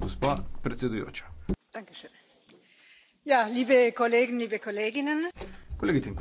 gospa predsedujoča. Ja, kolegice in kolegi!